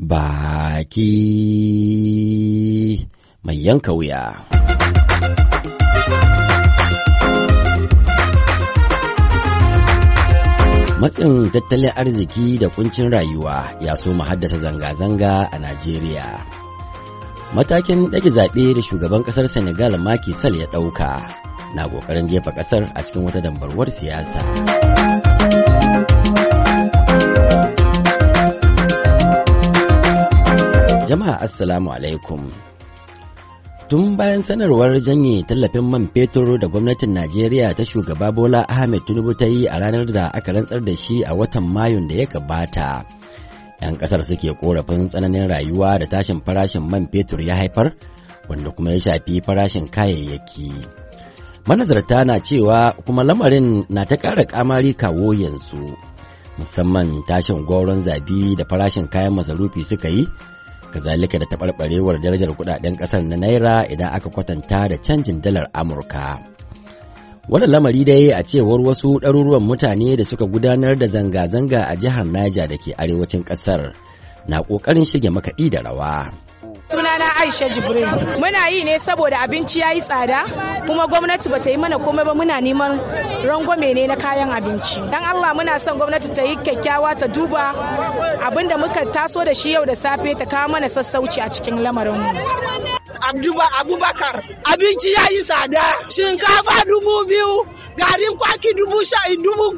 baki mai yanka wuya. Matsin tattalin arziki da kuncin rayuwa ya so mu haddasa zanga-zanga a Najeriya. Matakin ɗage zaɓe da shugaban ƙasar Senegal Macky Sall ya ɗauka na ƙoƙarin jefa ƙasar a cikin wata dambarwar siyasa. Assalamu alaikum. Tun bayan sanarwar janye tallafin man fetur da gwamnatin Najeriya ta shugaba Bola Ahmed Tinubu ta yi a ranar da aka rantsar da shi a watan Mayun da ya gabata. 'Yan kasar suke korafin tsananin rayuwa da tashin farashin man fetur ya haifar, wanda kuma ya shafi farashin kayayyaki. Manazarta na cewa kuma lamarin na ta ƙara kamari kawo yanzu. musamman tashin goron zabi da farashin kayan masarufi suka yi kazalika da taɓarɓarewar darajar kudaden ƙasar na naira idan aka kwatanta da canjin dalar amurka Wani lamari dai a cewar wasu ɗaruruwan mutane da suka gudanar da zanga-zanga a jihar niger da ke arewacin ƙasar na ƙoƙarin shige makaɗi da rawa Aisha Jibril. Muna yi ne saboda abinci ya yi tsada kuma gwamnati ba ta yi mana komai ba muna neman rangwame ne na kayan abinci. Dan Allah muna son gwamnati ta yi kyakkyawa ta duba abin da muka taso da shi yau da safe ta kawo mana sassauci a cikin lamarin mu abubakar abinci ya yi tsada shinkafa dubu biyu garin kwaki dubu sha dubu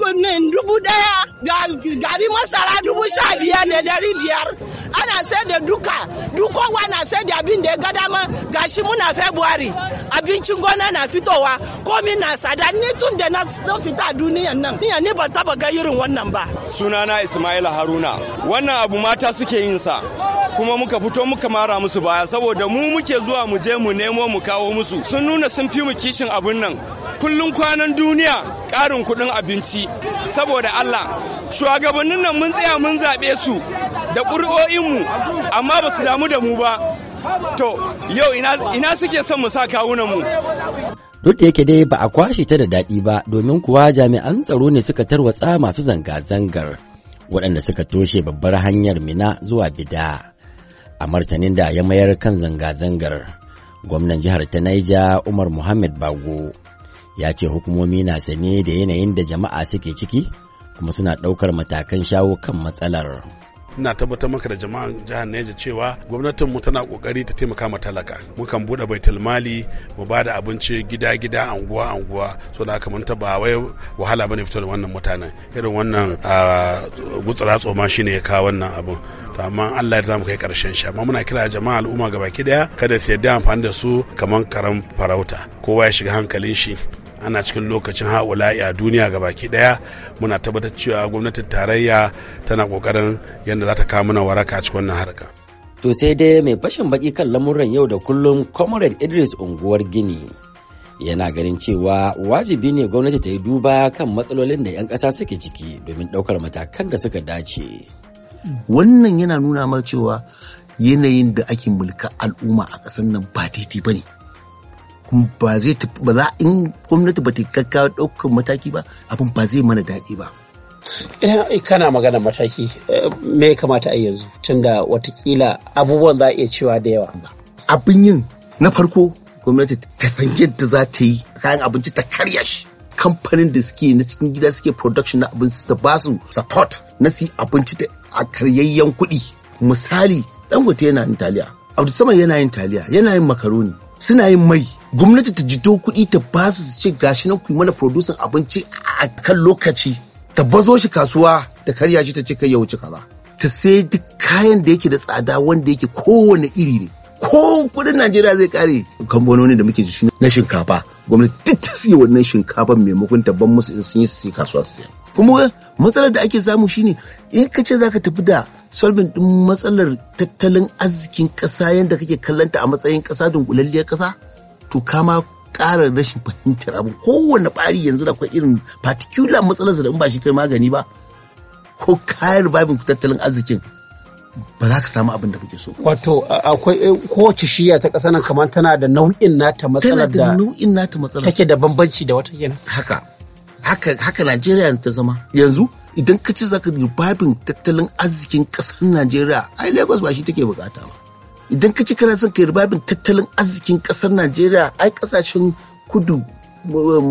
dubu daya garin masara dubu sha biyar ne dari biyar ana sai da duka dukowa na sai da abin da ya ga dama gashi muna february abincin gona na fitowa komi na tsada ni tun da na fita duniyan nan ni ba taba ga irin wannan ba sunana isma'il haruna wannan abu mata suke yin sa kuma muka fito muka mara musu baya saboda mu muke zuwa mu je mu nemo mu kawo musu sun nuna sun fi mu kishin abun nan kullun kwanan duniya karin kuɗin abinci saboda Allah shugabannin nan mun tsaya mun zaɓe su da ƙuri'o'inmu amma ba su damu da mu ba to yau ina suke son mu sa kawunan mu duk da yake dai ba a kwashe ta da daɗi ba domin kuwa jami'an tsaro ne suka tarwatsa masu zanga-zangar waɗanda suka toshe babbar hanyar mina zuwa bida. a martanin da ya mayar kan zanga-zangar gwamnan jihar ta naija umar muhammad bago ya ce hukumomi na sane da yanayin da jama'a suke ciki kuma suna ɗaukar matakan shawo kan matsalar. ina tabbatar maka da jama'an jihar Neja cewa gwamnatin mu tana kokari ta taimaka ma talaka mukan bude baitul mali mu bada abinci gida gida anguwa anguwa so da haka mun ta ba wai wahala bane fito da wannan mutanen irin wannan gutsura tsoma shine ya kawo wannan abun to amma Allah ya zamu kai karshen shi amma muna kira jama'a al'umma gabaki daya kada su yadda amfani da su kamar karam farauta kowa ya shiga hankalin shi ana cikin lokacin haula'i a duniya ga baki ɗaya, muna tabbatar cewa gwamnatin tarayya tana kokarin yadda za ta kawo mana waraka a cikin wannan harka to sai dai mai fashin baki kan lamuran yau da kullum comrade idris unguwar gini yana ganin cewa wajibi ne gwamnati ta yi duba kan matsalolin da 'yan ƙasa suke ciki domin ɗaukar matakan da suka dace wannan yana nuna mana cewa yanayin da ake mulka al'umma a ƙasar nan ba daidai ba ne ba zai ba za in gwamnati ba ta gaggawa ɗaukar mataki ba abin ba zai mana daɗi ba. Idan kana magana mataki eh, me ya kamata a yanzu tunda watakila abubuwan za a iya cewa da yawa. Abin yin na farko gwamnati ta san yadda za ta yi kayan abinci ta karya shi. kamfanin da suke na cikin gida suke production na abinci ta ba su support na si abinci da a karyayyen kuɗi misali dangote yana yin taliya abdu sama yana yin taliya yana yin makaroni suna yin mai gwamnati ta jito kuɗi ta ba su ce gashi nan ku mana producing abinci a kan lokaci ta bazo shi kasuwa ta karya shi ta ce kai ya wuce kaza ta sai duk kayan da yake da tsada wanda yake kowane iri ne ko kudin najeriya zai kare kamfanoni da muke shi na shinkafa gwamnati duk ta siya wannan shinkafa maimakon ta ban musu in sun yi su kasuwa su siya kuma matsalar da ake samu shine in ka ce zaka tafi da solving din matsalar tattalin arzikin kasa yadda kake kallanta a matsayin kasa dunkulalliyar kasa to kama ƙara rashin fahimtar abu kowane ɓari yanzu da akwai irin particular matsalarsa da in ba shi kai magani ba ko kayan babin tattalin arzikin ba za ka samu abin da kuke so. Wato akwai eh, kowace shiya ta ƙasa nan kamar tana da nau'in nata matsalar da tana da nau'in nata matsalar take da bambanci da wata kenan. Haka haka haka Najeriya ta zama yanzu idan ka ci zaka rubabin tattalin arzikin ƙasar Najeriya ai Lagos ba shi take bukata ba. Idan ka ci kana son ka rubabin tattalin arzikin ƙasar Najeriya ai ƙasashen kudu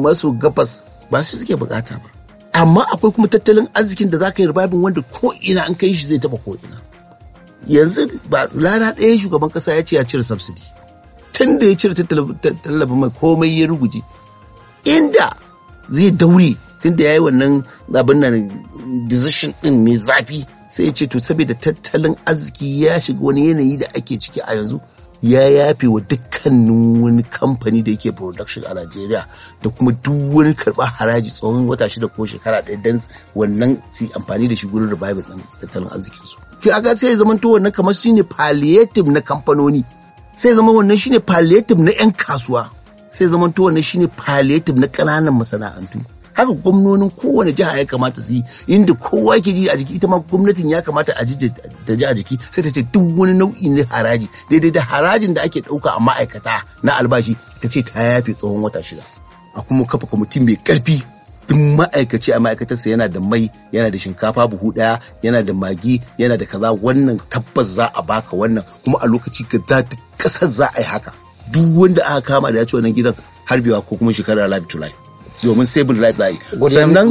masu gabas ba su suke bukata ba. Amma akwai kuma tattalin arzikin da za ka yi rubabin wanda ko ina an kai shi zai taba ko ina. yanzu ba rana ɗaya shugaban ƙasa ya ce ya cire subsidy tun da ya cire tallafin mai komai ya ruguje inda zai daure tun da ya yi wannan abin nan decision ɗin mai zafi sai ya ce to saboda tattalin arziki ya shiga wani yanayi da ake ciki a yanzu ya yafe wa dukkanin wani kamfani da yake production a Najeriya da kuma duk wani karɓar haraji tsawon wata shida ko shekara ɗaya don wannan su amfani da shi gurin revival ɗin tattalin arzikin su. Ki aga sai ya zama to wannan kamar shine palliative na kamfanoni sai zama wannan shine palliative na 'yan kasuwa sai zama to wannan shine palliative na ƙananan masana'antu. haka gwamnonin kowane jiha ya kamata su yi inda kowa ke ji a jiki ita ma gwamnatin ya kamata a ji ta ji a jiki sai ta ce duk wani nau'i na haraji daidai da harajin da ake ɗauka a ma'aikata na albashi ta ce ta yafe tsawon wata shida a kuma kafa kwamitin mai ƙarfi duk ma'aikaci a ma'aikatarsa yana da mai yana da shinkafa buhu ɗaya, yana da magi yana da kaza wannan tabbas za a baka wannan kuma a lokaci ga zata kasar za a yi haka duk wanda aka kama da ya ci wannan gidan harbewa ko kuma shekara life to domin sabon life da yi sannan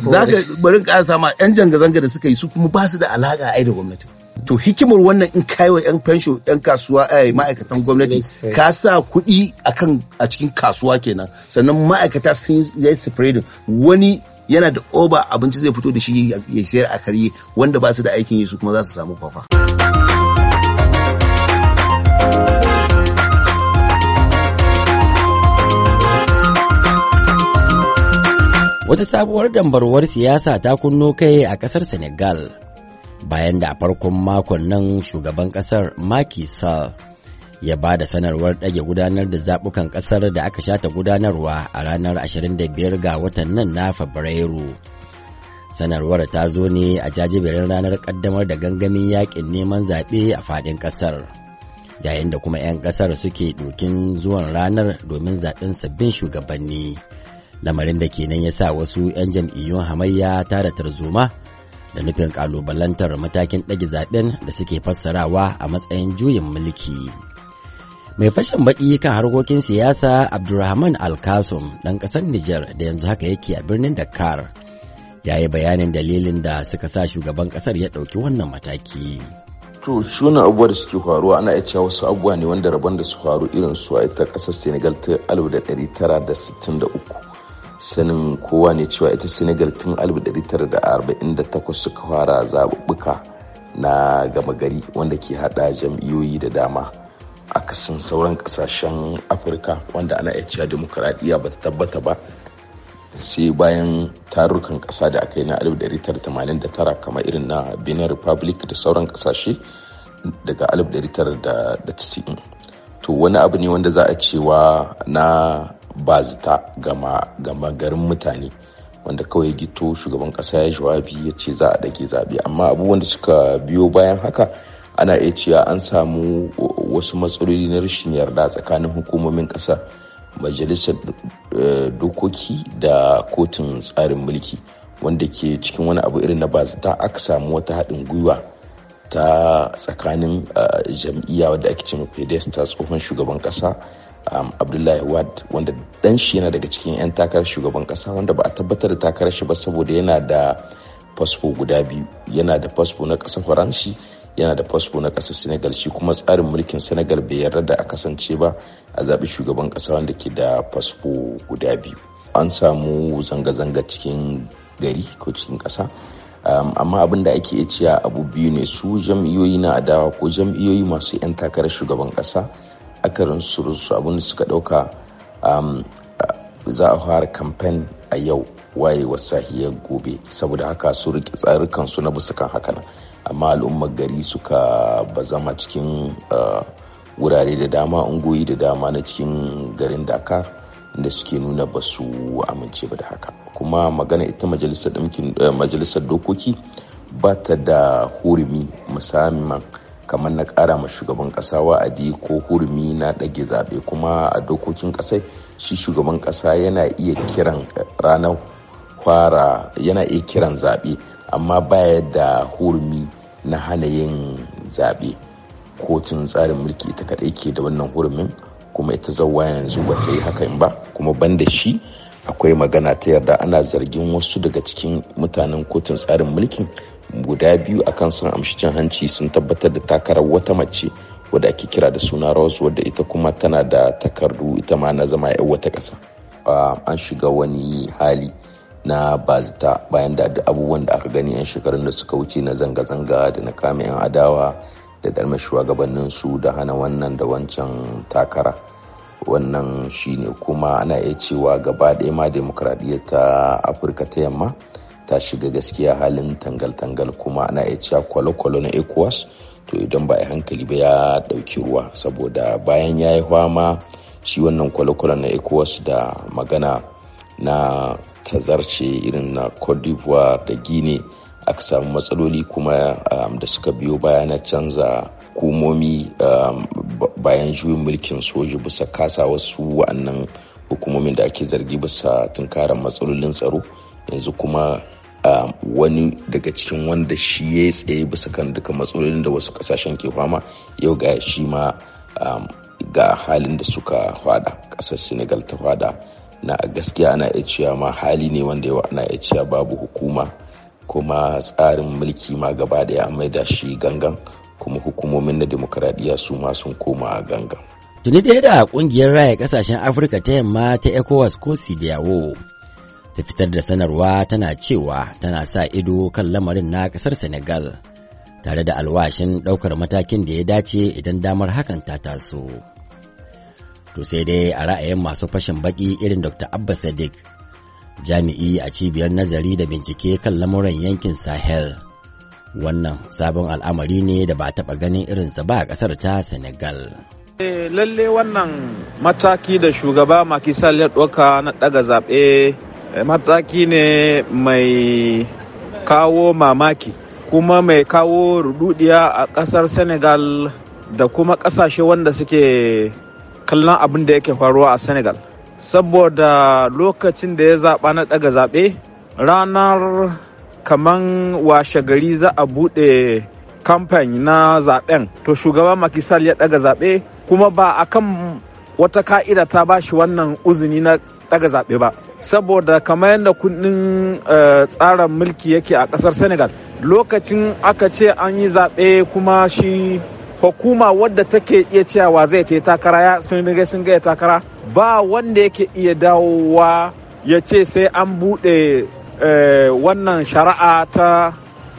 zaka barin ƙara ma yan zanga-zanga da suka yi su kuma ba su da alaka ai da gwamnati to hikimar wannan in kai yan fensho yan kasuwa a eh, ma'aikatan gwamnati ka sa kuɗi akan a cikin kasuwa kenan sannan ma'aikata sun yi spreading wani yana da oba abinci zai fito da shi ya sayar a karye wanda ba su da aikin yi su kuma za su samu kwafa. wata sabuwar dambarwar siyasa ta kunno kai a kasar senegal bayan da a farkon makon nan shugaban kasar Macky Sall ya ba da sanarwar ɗage gudanar da zaɓukan ƙasar da aka shata gudanarwa a ranar 25 ga watan nan na Fabrairu. Sanarwar ta zo ne a jajiberin ranar ƙaddamar da gangamin yaƙin neman zaɓe a faɗin ƙasar. Yayin da kuma 'yan ƙasar suke ɗokin zuwan ranar domin zaɓen sabbin shugabanni. lamarin da kenan ya sa wasu 'yan jam'iyyun hamayya tara tarzoma da nufin kalubalantar matakin ɗage zaɓen da suke fassarawa a matsayin juyin mulki mai fashin baƙi kan harkokin siyasa abdulrahman alkasum ɗan ƙasar niger da yanzu haka yake a birnin dakar ya yi bayanin dalilin da suka sa shugaban ƙasar ya ɗauki wannan mataki to shunan abubuwa da suke faruwa ana iya cewa wasu abubuwa ne wanda rabon da su faru irin su a ita ƙasar senegal ta tara da da sittin uku. sanin kowa ne cewa ita senegal tun 1948 suka fara zaɓuɓɓuka na gama gari wanda ke hada jam'iyyoyi da dama a kasan sauran kasashen afirka wanda ana iya cewa demokuraɗiyya ba ta tabbata ba sai bayan tarukan ƙasa da aka yi na 1989 kamar irin na benin republic da sauran ƙasashe daga 1990 to wani abu ne wanda za a cewa na ba zita gama garin mutane wanda kawai gito shugaban kasa ya jawabi ya ce za a dage zaɓe amma abubuwan da suka biyo bayan haka ana iya cewa an samu wasu matsaloli na rashin yarda tsakanin hukumomin ƙasa majalisar eh, dokoki da kotun tsarin mulki wanda ke cikin wani abu irin na zita aka samu wata haɗin gwiwa ta tsakanin eh, jam'iyya wadda ake cewa pedestal tsohon shugaban ƙasa um, abdullahi wad wanda dan shi yana daga cikin 'yan takarar shugaban kasa wanda ba a tabbatar da takarar shi ba saboda yana da fasfo guda biyu yana da fasfo na ƙasar faransi, yana da fasfo na ƙasar senegal shi kuma tsarin mulkin senegal bai yarda da a kasance ba a zaɓi shugaban ƙasa wanda ke da fasfo guda biyu an samu zanga-zanga cikin gari ko cikin ƙasa um, amma abin da ake iya abu biyu ne su jam'iyyoyi na adawa ko jam'iyyoyi masu 'yan takarar shugaban ƙasa akarin su da suka dauka um, za a fara kamfen a yau waye wasahiyar gobe saboda haka su rike tsarukan su na bisa kan haka amma al'ummar gari suka bazama cikin uh, wurare da dama ungoyi da dama na cikin garin dakar da suke nuna ba su amince ba da haka kuma magana ita majalisar eh, dokoki ba ta da hurumi musamman kamar na ƙara ma shugaban ƙasa wa'adi ko hurumi na ɗage zaɓe kuma a dokokin ƙasai shi shugaban ƙasa yana iya kiran ranar fara yana iya kiran zaɓe amma baya da hurumi na hana yin zaɓe kotun tsarin mulki ita kaɗai ke da wannan hurumin kuma ita zauwa yanzu ba ta yi hakan ba kuma banda shi akwai magana ta yarda ana zargin wasu daga cikin mutanen kotun tsarin mulkin guda biyu akan sun amshi cin hanci sun tabbatar da takarar wata mace wadda ake kira da suna Rose wadda ita kuma tana da takardu ita ma na zama 'yan wata kasa An shiga wani hali na bazita bayan da abubuwan da aka gani 'yan shekarun da suka wuce na zanga-zanga da na kame 'yan adawa da darmar shugabanninsu da hana wannan da wancan takara. wannan shine kuma ana iya cewa gaba ɗaya ma demokradiyya ta afirka ta yamma ta shiga gaskiya halin tangal-tangal kuma ana iya cewa kwalo-kwalo na ecowas to idan ba a hankali ba ya ɗauki ruwa saboda bayan ya yi fama shi wannan kwalokwalo kwalo na ecowas da magana na tazarce irin na cote d'ivoire da guinea aka samu matsaloli kuma um, da suka biyo baya na canza hukumomi um, bayan juyin mulkin soji bisa kasa wasu wa'annan hukumomin da ake zargi bisa tunkarar matsalolin tsaro yanzu kuma um, wani daga cikin wanda shi ya yi tsaye bisa kan duka matsalolin da wasu kasashen ke fama yau ga shi ma ga halin da suka faɗa kasar senegal ta faɗa na gaskiya ana iya cewa ma hali ne wanda yawa ana iya cewa babu hukuma kuma tsarin mulki ma gaba daya amai da shi gangan kuma hukumomin na demokuraɗiyya su ma sun koma gangan. Tuni ɗaya da ƙungiyar raya ƙasashen Afirka ta yamma ta ECOWAS ko Sidiyawo ta fitar da sanarwa tana cewa tana sa ido kan lamarin na ƙasar Senegal tare da alwashin ɗaukar matakin da ya dace idan damar hakan ta taso. To sai dai a ra'ayin masu fashin baƙi irin Dr. Abba Sadiq jami'i a cibiyar nazari da bincike kan lamuran yankin sahel wannan sabon al'amari ne da ba taɓa ganin irin irinsa ba a ƙasar ta senegal eh, lalle wannan mataki da shugaba makisal ya ɗauka na ɗaga zaɓe eh, mataki ne mai kawo mamaki kuma mai kawo rududiya a ƙasar senegal da kuma ƙasashe wanda suke kallon abin da yake faruwa a senegal saboda lokacin da ya zaɓa na ɗaga zaɓe ranar kaman washe gari za a buɗe kamfani na zaɓen to shugaban makisal ya ɗaga zaɓe kuma ba a kan wata ka'ida ta ba shi wannan uzini na ɗaga zaɓe ba saboda kamar yadda kundin eh, tsarin mulki yake a ƙasar senegal lokacin aka ce an yi zaɓe kuma shi hukuma wadda take iya cewa zai ta takara ya sun riga sun gaya takara ba wanda yake iya dawowa ya ce sai an bude eh, wannan shari'a ta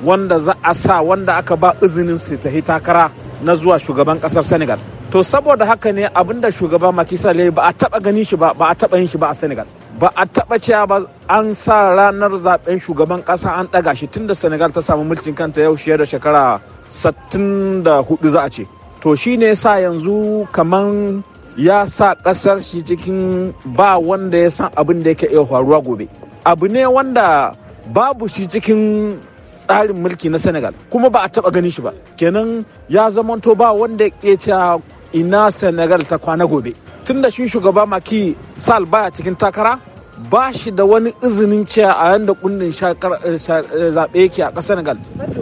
wanda za a sa wanda aka ba izinin su ta takara na zuwa shugaban kasar senegal to saboda haka ne abinda shugaba maki sale ba a taba ganin shi ba ba a taba yin shi ba a Senegal ba a taba cewa ba an sa ranar zaben shugaban kasa an daga shi tunda Senegal ta samu mulkin kanta yau shiyar da shekara 64 za a ce to shine sa yanzu kaman ya sa kasar shi cikin ba wanda ya san abin da yake iya faruwa gobe abu ne wanda babu shi cikin tsarin mulki na senegal kuma ba a taba ganin shi ba kenan ya zamanto ba wanda ya ce ina senegal ta kwana gobe tun da shi shugaba maki sal baya cikin takara ba shi da wani izinin cewa a yanda kundin eh, eh, zaɓe yake a ƙasar senegal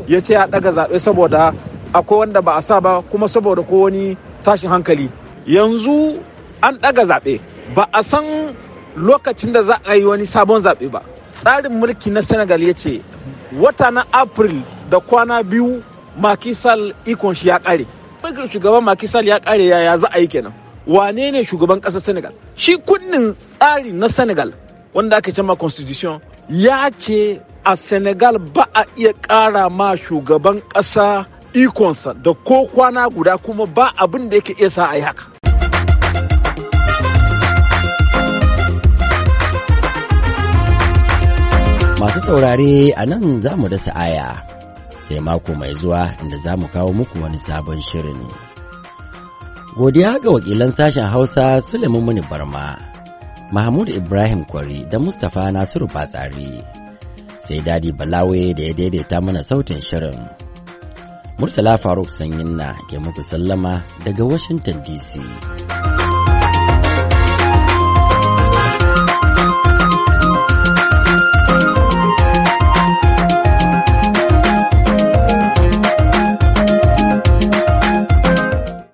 ya ce ya ɗaga zaɓe saboda akwai wanda ba a sa ba kuma saboda ko wani tashin hankali yanzu an ɗaga zaɓe ba a san lokacin da za a yi wani sabon zaɓe ba tsarin mulki na senegal ya ce wata na april da kwana biyu makisal ikon shi ya ƙare mulkin shugaban makisal ya kare yaya za a yi kenan wane ne shugaban ƙasar senegal shi kunnin tsari na senegal wanda aka ce ma constitution ya ce a senegal ba a iya ƙara ma shugaban ƙasa ikonsa da ko kwana guda kuma ba abin da yake iya sa a yi haka masu saurare a nan za mu da sa'aya. sai mako mai zuwa inda za mu kawo muku wani sabon shirin. Godiya ga wakilan sashen Hausa Suleiman Muni Barma, Mahmud Ibrahim Kwari da Mustapha Nasiru Batsari, sai Dadi Balawe da ya daidaita mana sautin shirin. Mursala Faruk Sanyinna ke muku sallama daga Washington DC.